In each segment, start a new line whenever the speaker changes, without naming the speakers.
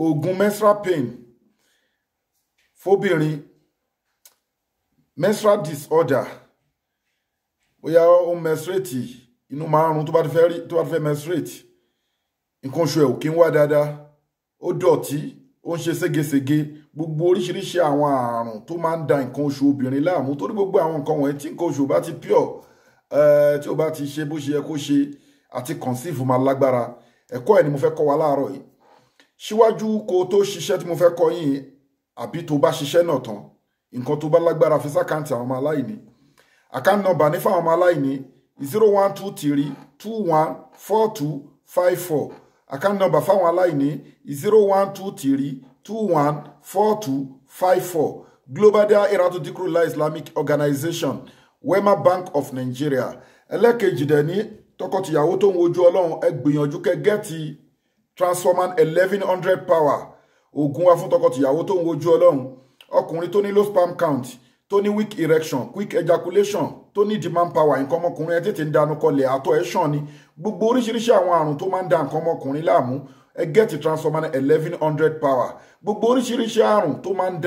oògùn menstrual pain fóbìnrin menstrual disorder bóyá ó ń menstruate inú márùn tó bá ti fẹ́ rí tó bá ti fẹ́ menstruate nǹkan oṣù ẹ̀ ò kí ń wá dáadáa ó dọ̀tí ó ń ṣe ségesège gbogbo oríṣiríṣi àwọn àrùn tó máa ń da nǹkan oṣù obìnrin láàmú torí gbogbo àwọn nǹkan wọ̀nyí tí nǹkan oṣù bá ti pure eh, tí ó bá ti ṣe bó ṣe yẹ kó ṣe àti conceive máa lágbára ẹ̀kọ́ ẹ̀ ni mo fẹ́ kọ́ wa láàárọ̀ yìí síwájú kó o tó ṣiṣẹ́ tí mo fẹ́ kọ yín àbí tó bá ṣiṣẹ́ náà tán nǹkan tó bá lágbára fi sákàǹtì àwọn ọmọ aláìní àkáǹtì nọ́mbà ní fáwọn ọmọ aláìní zero one two three two one four two five four àkáǹtì nọ́mbà fáwọn aláìní zero one two three two one four two five four Global dia irato Dhikrlahi Islamic Organization Wema Bank of Nigeria ẹlẹ́kejì dẹ̀ ní tọkọtìyàwó tó ń wojú ọlọ́run ẹ gbìyànjú kẹ́ gẹ́ẹ̀tì transformer 1100 power Ogun wa fún tọkọtìyàwó tó ń wojú ọlọ́run ọkùnrin tó ní low sperm count tó ní weak erection quick ejaculation tó ní demand power nǹkan ọmọkùnrin ẹ tètè ń dànù kọlẹ̀ àtọ̀ ẹ ṣàn ni gbogbo oríṣiríṣi àwọn àrùn tó máa ń da nǹkan ọmọkùnrin láàmú ẹ transformer eleven power gbogbo oríṣiríṣi àrùn tó máa ń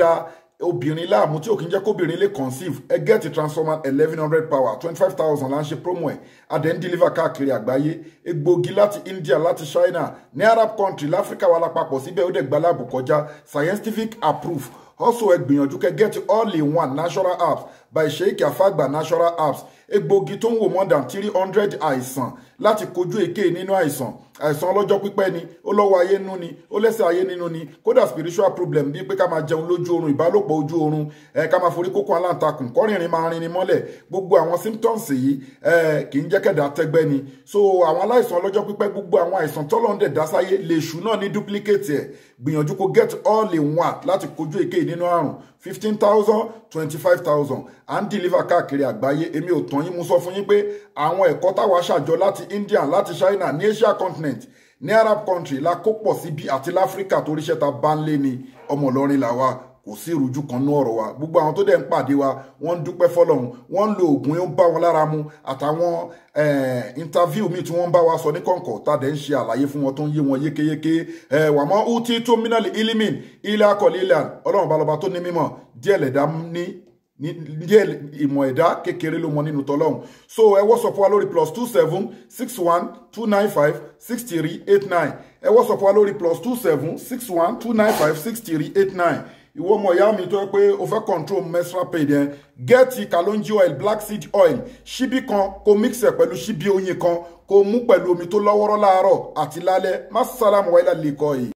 obìnrin láàmú tí ò kí ń jẹ́ kóbìnrin lè conceive ẹ gẹ́ẹ̀tì transformer eleven hundred power twenty five thousand là ń ṣe promo ẹ̀ adẹ́n deliver káàkiri àgbáyé egbògi láti India láti China ní Arab country láfíríkà wà lápapọ̀ síbẹ̀ ó dẹ̀ gba láàbù kọjá scientific approve also ẹ gbìyànjú kẹ get all in one natural apps by Sheikh Afagba natural apps egbògi tó ń wò more than hundred àìsàn láti kojú èké nínú àìsàn àìsàn ọlọ́jọ́ pípẹ́ ni ó lọ́wọ́ ayé nínú ni ó lẹ́sẹ̀ ayé nínú ni kódà spiritual problem bíi pé ká máa jẹun lójú oorun ìbálòpọ̀ ojú oorun ẹ ká máa forí kókó aláǹtakùn kọ́rìnrìn máa rin ni mọ́lẹ̀ gbogbo àwọn symptoms yìí ẹ kì í jẹ́ kẹ̀dá tẹ́gbẹ́ ni so àwọn aláìsàn ọlọ́jọ́ pípẹ́ gbogbo àwọn àìsàn tọ́lọ́ndẹ̀ dásáyé lè ṣù náà ní duplicate ẹ̀ gbìyànjú kó get all in one láti kojú èké nínú àrùn fifteen thousand twenty five thousand à ń deliver káàkiri àgbáyé èmi ò t tán yín mo sọ fún yín pé àwọn ẹ̀kọ́ táwa ṣàjọ láti India láti China ní Asia continent ní Arab country la kó pọ̀ síbi àti láfíríkà torí iṣẹ́ ta bá ń lé ni ọmọ Ìlọrin làwa kò sí ìrújú kan ní ọ̀rọ̀ wa gbogbo àwọn tó dẹ̀ ń pàdé wa wọ́n ń dúpẹ́ fọlọ́run wọ́n ń lo oògùn ó bá wọn lára mu àtàwọn interview mi tí wọ́n ń bá wa sọ ní kọ̀ǹkọ̀ tá a dẹ̀ ń ṣe àlàyé fún wọn tó ń yé wọn yékéyéké wàmọ́ uti tó mínàlì ilimin ilé akọ̀lẹ̀ ilẹ̀ ọlọ́run balọ̀ba tó ní mímọ̀ díẹ̀ lẹ̀dá ní díẹ̀ ìmọ̀ ẹ̀dá kékeré ló mọ nínú tọ́lọ́hún so ẹ WhatsApp wa lórí plus two seven six one two nine five six three eight nine ẹ WhatsApp wa lórí plus two seven six one two nine five six three eight nine ìwọ ọmọ ìyá mi tó yẹ pé o fẹ́ control menstrual pain yẹn gẹ́ẹ̀tì kalonji oil black seed oil ṣíbí kan kó mix ẹ̀ pẹ̀lú ṣíbí oyin kan kó mú pẹ̀lú omi tó lọ́wọ́rọ́ láàárọ̀ àti lálẹ́ má sálàmù wáyé lálẹ́ kọ́ yìí.